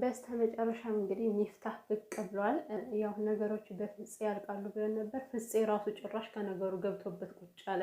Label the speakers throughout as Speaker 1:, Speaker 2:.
Speaker 1: በስተ መጨረሻ እንግዲህ ሚፍታህ ብቅ ብሏል። ያው ነገሮች በፍፄ ያልቃሉ ብለን ነበር። ፍፄ ራሱ ጭራሽ ከነገሩ ገብቶበት ቁጭ አለ።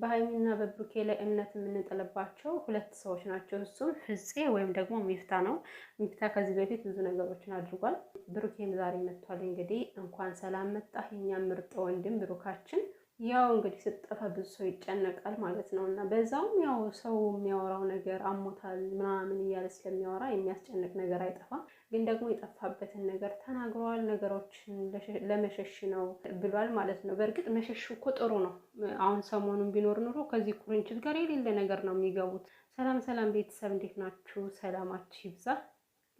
Speaker 1: በሀይሚና በብሩኬ ላይ እምነት የምንጥልባቸው ሁለት ሰዎች ናቸው። እሱም ፍጼ ወይም ደግሞ ሚፍታ ነው። ሚፍታ ከዚህ በፊት ብዙ ነገሮችን አድርጓል። ብሩኬም ዛሬ መጥቷል። እንግዲህ እንኳን ሰላም መጣህ የኛ ምርጥ ወንድም ብሩካችን ያው እንግዲህ ስትጠፋ ብዙ ሰው ይጨነቃል ማለት ነው። እና በዛውም ያው ሰው የሚያወራው ነገር አሞታል ምናምን እያለ ስለሚያወራ የሚያስጨንቅ ነገር አይጠፋም። ግን ደግሞ የጠፋበትን ነገር ተናግረዋል፣ ነገሮችን ለመሸሽ ነው ብሏል ማለት ነው። በእርግጥ መሸሽ እኮ ጥሩ ነው። አሁን ሰሞኑን ቢኖር ኑሮ ከዚህ ኩርንችት ጋር የሌለ ነገር ነው የሚገቡት። ሰላም ሰላም ቤተሰብ እንዴት ናችሁ? ሰላማችሁ ይብዛ።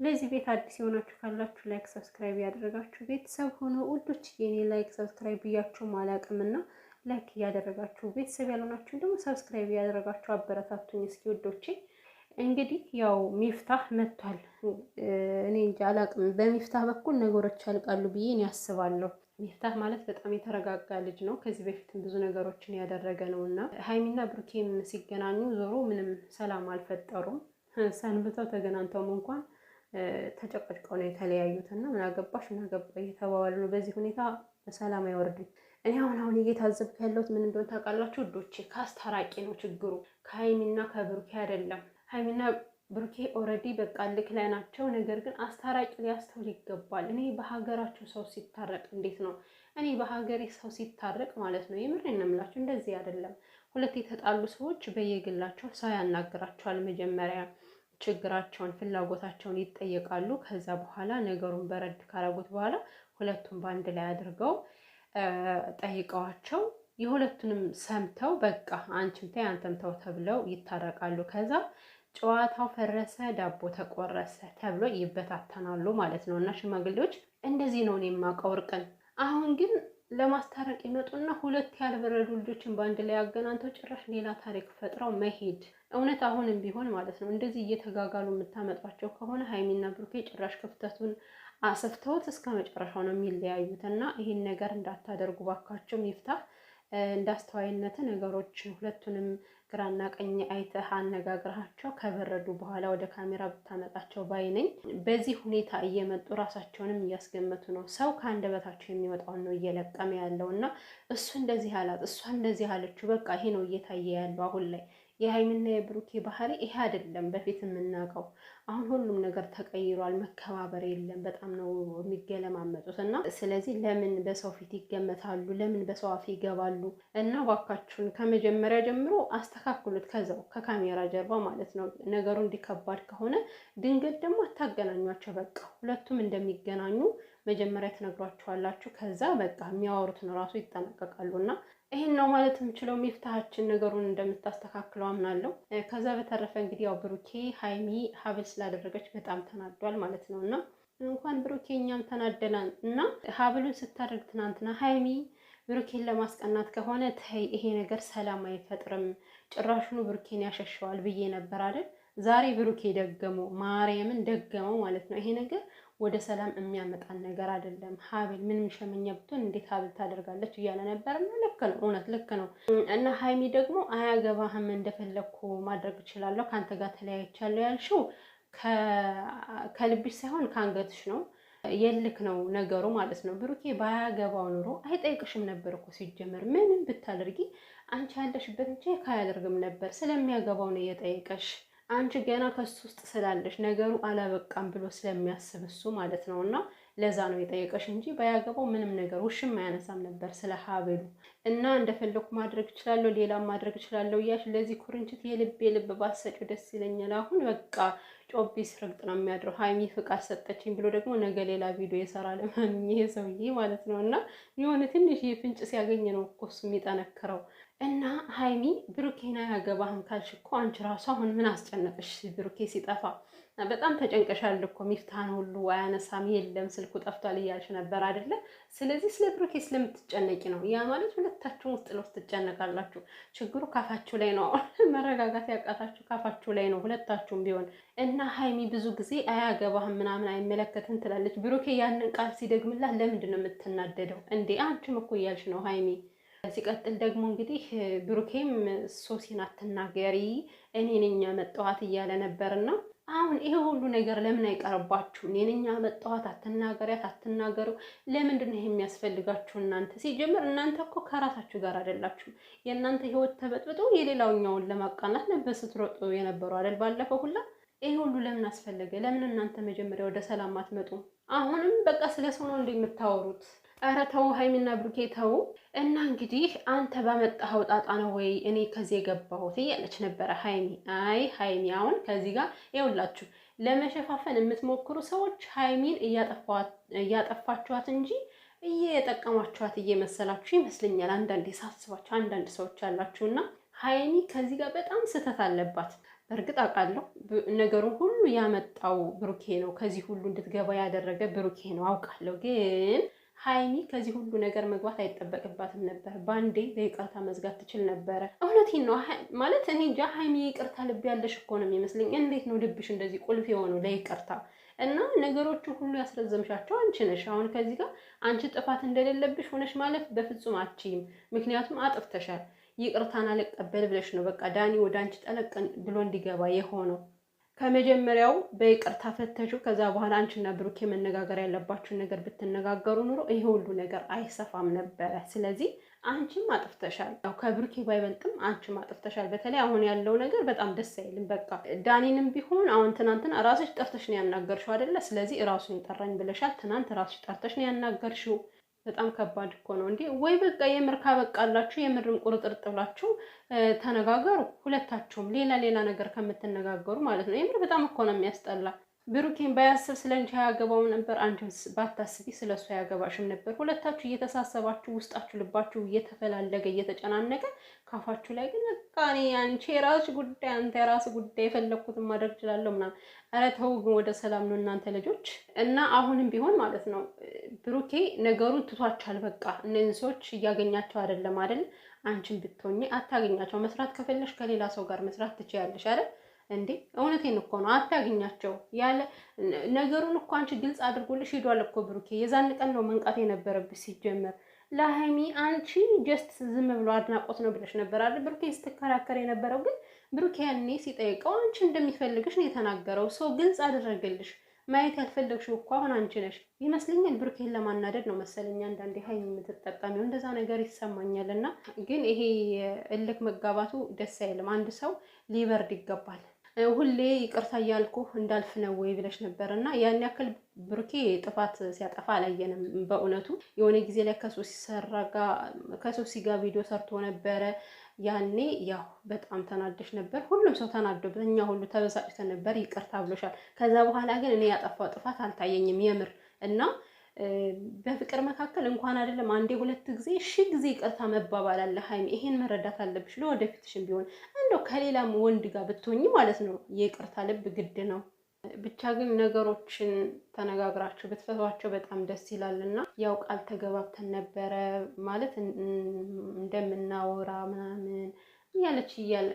Speaker 1: ለዚህ ቤት አዲስ የሆናችሁ ካላችሁ ላይክ ሰብስክራይብ ያደረጋችሁ ቤተሰብ ሆኖ ውዶች፣ የኔ ላይክ ሰብስክራይብ ብያችሁ አላቅምና ላይክ እያደረጋችሁ ቤተሰብ ያልሆናችሁን ደግሞ ሰብስክራይብ እያደረጋችሁ አበረታቱኝ። እስኪ ወዶቼ እንግዲህ ያው ሚፍታህ መጥቷል። እኔ እንጂ አላቅም። በሚፍታህ በኩል ነገሮች ያልቃሉ ብዬ እኔ አስባለሁ። ሚፍታህ ማለት በጣም የተረጋጋ ልጅ ነው። ከዚህ በፊትም ብዙ ነገሮችን ያደረገ ነው እና ሀይሚና ብሩኬም ሲገናኙ ዞሮ ምንም ሰላም አልፈጠሩም። ሰንብተው ተገናንተውም እንኳን ተጨቀጭቀው ነው የተለያዩት እና ምን ምናገባ እየተባባሉ ነው። በዚህ ሁኔታ ሰላም አይወርድም። እኔ አሁን አሁን እየታዘብኩ ያለሁት ምን እንደሆነ ታውቃላችሁ ውዶቼ? ከአስታራቂ ነው ችግሩ፣ ከሀይሚና ከብሩኬ አይደለም። ሀይሚና ብሩኬ ኦልሬዲ በቃ ልክ ላይ ናቸው። ነገር ግን አስታራቂ ሊያስተውል ይገባል። እኔ በሀገራችሁ ሰው ሲታረቅ እንዴት ነው? እኔ በሀገሬ ሰው ሲታረቅ ማለት ነው የምር እንምላችሁ እንደዚህ አይደለም። ሁለት የተጣሉ ሰዎች በየግላቸው ሰው ያናግራቸዋል። መጀመሪያ ችግራቸውን፣ ፍላጎታቸውን ይጠየቃሉ። ከዛ በኋላ ነገሩን በረድ ካረጉት በኋላ ሁለቱም በአንድ ላይ አድርገው ጠይቀዋቸው የሁለቱንም ሰምተው በቃ አንቺም ተይ አንተም ተው ተብለው ይታረቃሉ። ከዛ ጨዋታው ፈረሰ፣ ዳቦ ተቆረሰ ተብሎ ይበታተናሉ ማለት ነው። እና ሽማግሌዎች እንደዚህ ነው እኔ የማውቀው እርቅን። አሁን ግን ለማስታረቅ ይመጡና ሁለት ያልበረዱ ልጆችን በአንድ ላይ አገናኝተው ጭራሽ ሌላ ታሪክ ፈጥረው መሄድ እውነት አሁንም ቢሆን ማለት ነው እንደዚህ እየተጋጋሉ የምታመጧቸው ከሆነ ሀይሚና ብሩኬ ጭራሽ ክፍተቱን አሰፍተውት እስከ መጨረሻው ነው የሚለያዩት እና ይህን ነገር እንዳታደርጉ ባካቸው ይፍታ እንዳስተዋይነት ነገሮች ሁለቱንም ግራና ቀኝ አይተህ አነጋግርሃቸው ከበረዱ በኋላ ወደ ካሜራ ብታመጣቸው ባይ ነኝ። በዚህ ሁኔታ እየመጡ ራሳቸውንም እያስገመቱ ነው። ሰው ከአንደበታቸው የሚወጣውን ነው እየለቀመ ያለው እና እሱ እንደዚህ አላት፣ እሷ እንደዚህ አለችው፣ በቃ ይሄ ነው እየታየ ያለው አሁን ላይ የሀይሚና የብሩኬ ባህሪ ይሄ አይደለም በፊት የምናውቀው። አሁን ሁሉም ነገር ተቀይሯል። መከባበር የለም። በጣም ነው የሚገለማመጡት እና ስለዚህ ለምን በሰው ፊት ይገመታሉ? ለምን በሰው አፍ ይገባሉ? እና ባካችሁን ከመጀመሪያ ጀምሮ አስተካክሉት፣ ከዛው ከካሜራ ጀርባ ማለት ነው። ነገሩ እንዲከባድ ከሆነ ድንገት ደግሞ አታገናኟቸው። በቃ ሁለቱም እንደሚገናኙ መጀመሪያ ትነግሯቸዋላችሁ። ከዛ በቃ የሚያወሩትን ራሱ ይጠናቀቃሉ እና ይህን ነው ማለት የምችለው። ሚፍታሃችን ነገሩን እንደምታስተካክለው አምናለሁ። ከዛ በተረፈ እንግዲህ ያው ብሩኬ ሀይሚ ሀብል ስላደረገች በጣም ተናዷል ማለት ነው እና እንኳን ብሩኬ እኛም ተናደላን እና ሀብሉን ስታደርግ ትናንትና ሀይሚ ብሩኬን ለማስቀናት ከሆነ ተይ፣ ይሄ ነገር ሰላም አይፈጥርም፣ ጭራሹኑ ብሩኬን ያሸሸዋል ብዬ ነበር አይደል? ዛሬ ብሩኬ ደገመው፣ ማርያምን ደገመው ማለት ነው ይሄ ነገር ወደ ሰላም የሚያመጣን ነገር አይደለም። ሀብል ምንም ሸመኛ ብትሆን እንዴት ሀብል ታደርጋለች እያለ ነበር። ልክ ነው፣ እውነት ልክ ነው። እና ሀይሚ ደግሞ አያገባህም፣ እንደፈለግኩ ማድረግ እችላለሁ፣ ከአንተ ጋር ተለያይቻለሁ ያልሽው ከልብሽ ሳይሆን ከአንገትሽ ነው የልክ ነው ነገሩ ማለት ነው። ብሩኬ ባያገባው ኑሮ አይጠይቅሽም ነበር እኮ ሲጀመር። ምንም ብታደርጊ አንቺ ያለሽበት እንጂ አያደርግም ነበር። ስለሚያገባው ነው እየጠየቀሽ አንቺ ገና ከሱ ውስጥ ስላለሽ ነገሩ አላበቃም ብሎ ስለሚያስብ እሱ ማለት ነው። እና ለዛ ነው የጠየቀሽ እንጂ ባያገባው ምንም ነገር ውሽም አያነሳም ነበር ስለ ሀብሉ እና እንደፈለኩ ማድረግ እችላለሁ፣ ሌላም ማድረግ እችላለሁ እያልሽ ለዚህ ኩርንችት የልብ ልብ ባሰጪው ደስ ይለኛል። አሁን በቃ ጮቢስ ረግጥ ነው የሚያድረው። ሀይሚ ፍቃድ ሰጠችኝ ብሎ ደግሞ ነገ ሌላ ቪዲዮ ይሰራል። ይሄ ሰውዬ ማለት ነው እና የሆነ ትንሽ ፍንጭ ሲያገኝ ነው እኮ እሱ የሚጠነክረው። እና ሀይሚ ብሩኬን አያገባህም ካልሽ እኮ አንቺ ራሱ አሁን ምን አስጨነቀች ብሩኬ ሲጠፋ በጣም ተጨንቀሻል እኮ ሚፍታን ሁሉ አያነሳም የለም ስልኩ ጠፍቷል እያልሽ ነበር አይደለ? ስለዚህ ስለ ብሩኬ ስለምትጨነቂ ነው። ያ ማለት ሁለታችሁም ውስጥ ለውስጥ ትጨነቃላችሁ። ችግሩ ካፋችሁ ላይ ነው። መረጋጋት ያቃታችሁ ካፋችሁ ላይ ነው ሁለታችሁም ቢሆን እና ሀይሚ ብዙ ጊዜ አያገባህም ምናምን አይመለከትም ትላለች። ብሩኬ ያንን ቃል ሲደግምላት ለምንድን ነው የምትናደደው እንዴ? አንቺም እኮ እያልሽ ነው ሀይሚ ሲቀጥል ደግሞ እንግዲህ ብሩኬም ሶሲን አትናገሪ እኔ ነኝ ያመጣኋት እያለ ነበርና አሁን ይሄ ሁሉ ነገር ለምን አይቀርባችሁ? እኔ ነኝ ያመጣኋት፣ አትናገሪያት፣ አትናገረው። ለምንድን ነው የሚያስፈልጋችሁ እናንተ? ሲጀምር እናንተ እኮ ከራሳችሁ ጋር አይደላችሁም። የእናንተ ህይወት ተበጥብጦ የሌላውኛውን ለማቃናት ነበር ስትሮጡ የነበሩ አይደል? ባለፈው ሁላ ይሄ ሁሉ ለምን አስፈለገ? ለምን እናንተ መጀመሪያ ወደ ሰላም አትመጡም? አሁንም በቃ ስለ ሰው ነው እንደምታወሩት ኧረ ተው ሀይሚና ብሩኬ ተው እና እንግዲህ አንተ ባመጣኸው ጣጣ ነው ወይ እኔ ከዚህ የገባሁት እያለች ነበረ ሀይሚ። አይ ሀይሚ አሁን ከዚህ ጋር ይኸውላችሁ ለመሸፋፈን የምትሞክሩ ሰዎች ሀይሚን እያጠፋችኋት እንጂ እየጠቀማችኋት እየመሰላችሁ ይመስለኛል። አንዳንድ የሳስባችሁ አንዳንድ ሰዎች እና ሀይሚ ከዚህ ጋር በጣም ስህተት አለባት። በእርግጥ አውቃለሁ፣ ነገሩን ሁሉ ያመጣው ብሩኬ ነው። ከዚህ ሁሉ እንድትገባ ያደረገ ብሩኬ ነው አውቃለሁ ግን ሀይሚ ከዚህ ሁሉ ነገር መግባት አይጠበቅባትም ነበር። ባንዴ በይቅርታ መዝጋት ትችል ነበረ። እውነቴን ነው ማለት እኔ እንጃ። ሀይሚ ይቅርታ ልብ ያለሽ እኮ ነው የሚመስለኝ። እንዴት ነው ልብሽ እንደዚህ ቁልፍ የሆነው ለይቅርታ? እና ነገሮቹ ሁሉ ያስረዘምሻቸው አንቺ ነሽ። አሁን ከዚህ ጋር አንቺ ጥፋት እንደሌለብሽ ሆነሽ ማለት በፍጹም አችይም። ምክንያቱም አጥፍተሻል። ይቅርታን አልቀበል ብለሽ ነው በቃ ዳኒ ወደ አንቺ ጠለቅ ብሎ እንዲገባ የሆነው። ከመጀመሪያው በይቅርታ ፈተሹ። ከዛ በኋላ አንቺና ብሩኬ መነጋገር ያለባችሁን ነገር ብትነጋገሩ ኑሮ ይሄ ሁሉ ነገር አይሰፋም ነበረ። ስለዚህ አንቺም አጥፍተሻል፣ ያው ከብሩኬ ባይበልጥም አንቺም አጥፍተሻል። በተለይ አሁን ያለው ነገር በጣም ደስ አይልም። በቃ ዳኒንም ቢሆን አሁን ትናንትና ራስሽ ጠርተሽ ነው ያናገርሽው አይደለ? ስለዚህ ራሱን ጠራኝ ብለሻል። ትናንት ራስሽ ጠርተሽ ነው ያናገርሽው። በጣም ከባድ እኮ ነው እንዴ! ወይ በቃ የምር ካበቃላችሁ የምርም ቁርጥርጥ ብላችሁ ተነጋገሩ ሁለታችሁም፣ ሌላ ሌላ ነገር ከምትነጋገሩ ማለት ነው። የምር በጣም እኮ ነው የሚያስጠላ። ብሩኬን ባያስብ ስለ አንቺ አያገባውም ነበር። አንቺን ባታስቢ ስለ እሱ አያገባሽም ነበር። ሁለታችሁ እየተሳሰባችሁ ውስጣችሁ ልባችሁ እየተፈላለገ እየተጨናነቀ ካፋችሁ ላይ ግን በቃ እኔ አንቺ የራስሽ ጉዳይ፣ አንተ የራስ ጉዳይ፣ የፈለግኩትን ማድረግ እችላለሁ ምናምን። ኧረ ተው ግን ወደ ሰላም ነው እናንተ ልጆች። እና አሁንም ቢሆን ማለት ነው ብሩኬ ነገሩን ትቷቻል። በቃ እነዚህ ሰዎች እያገኛቸው አይደለም አይደል? አንቺን ብትሆኚ አታገኛቸው። መስራት ከፈለሽ ከሌላ ሰው ጋር መስራት ትችያለሽ አይደል? እንዴ እውነቴን እኮ ነው። አታግኛቸው ያለ ነገሩን እኮ አንቺ ግልጽ አድርጎልሽ ሄዷል እኮ ብሩኬ። የዛን ቀን ነው መንቃት የነበረብሽ ሲጀመር ለሀይሚ አንቺ ጀስት ዝም ብሎ አድናቆት ነው ብለሽ ነበር አይደል? ብሩኬ ስትከራከር የነበረው ግን ብሩኬ ያኔ ሲጠይቀው አንቺ እንደሚፈልግሽ ነው የተናገረው። ሰው ግልጽ አደረገልሽ። ማየት ያልፈለግሽው እኮ አሁን አንቺ ነሽ ይመስለኛል። ብሩኬን ለማናደድ ነው መሰለኝ አንዳንዴ ሀይሚ የምትጠቀሚው እንደዛ ነገር ይሰማኛል። እና ግን ይሄ እልክ መጋባቱ ደስ አይልም። አንድ ሰው ሊበርድ ይገባል። ሁሌ ይቅርታ እያልኩ እንዳልፍ ነው ወይ ብለሽ ነበር እና ያን ያክል ብሩኬ ጥፋት ሲያጠፋ አላየንም። በእውነቱ የሆነ ጊዜ ላይ ከሶሲ ሰራጋ ከሶሲ ጋር ቪዲዮ ሰርቶ ነበረ። ያኔ ያው በጣም ተናደሽ ነበር። ሁሉም ሰው ተናዶበት፣ እኛ ሁሉ ተበሳጭተን ነበር። ይቅርታ ብሎሻል። ከዛ በኋላ ግን እኔ ያጠፋው ጥፋት አልታየኝም የምር እና በፍቅር መካከል እንኳን አይደለም አንዴ ሁለት ጊዜ ሺ ጊዜ ይቅርታ መባባል አለ። ሀይሚ ይሄን መረዳት አለብሽ። ለወደፊትሽም ቢሆን እንደው ከሌላም ወንድ ጋር ብትሆኝ ማለት ነው የይቅርታ ልብ ግድ ነው። ብቻ ግን ነገሮችን ተነጋግራችሁ ብትፈቷቸው በጣም ደስ ይላል። እና ያው ቃል ተገባብተን ነበረ ማለት እንደምናወራ ምናምን እያለች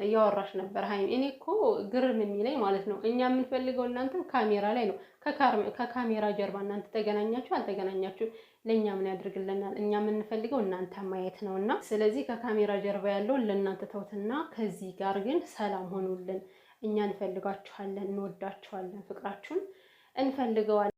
Speaker 1: እያወራሽ ነበር ሀይሚ። እኔ እኮ ግርም የሚለኝ ማለት ነው እኛ የምንፈልገው እናንተም ካሜራ ላይ ነው ከካሜራ ጀርባ እናንተ ተገናኛችሁ አልተገናኛችሁ ለእኛ ምን ያደርግልናል? እኛ የምንፈልገው እናንተ ማየት ነው እና ስለዚህ ከካሜራ ጀርባ ያለውን ለእናንተ ተውትና ከዚህ ጋር ግን ሰላም ሆኑልን። እኛ እንፈልጋችኋለን፣ እንወዳችኋለን፣ ፍቅራችሁን እንፈልገዋለን።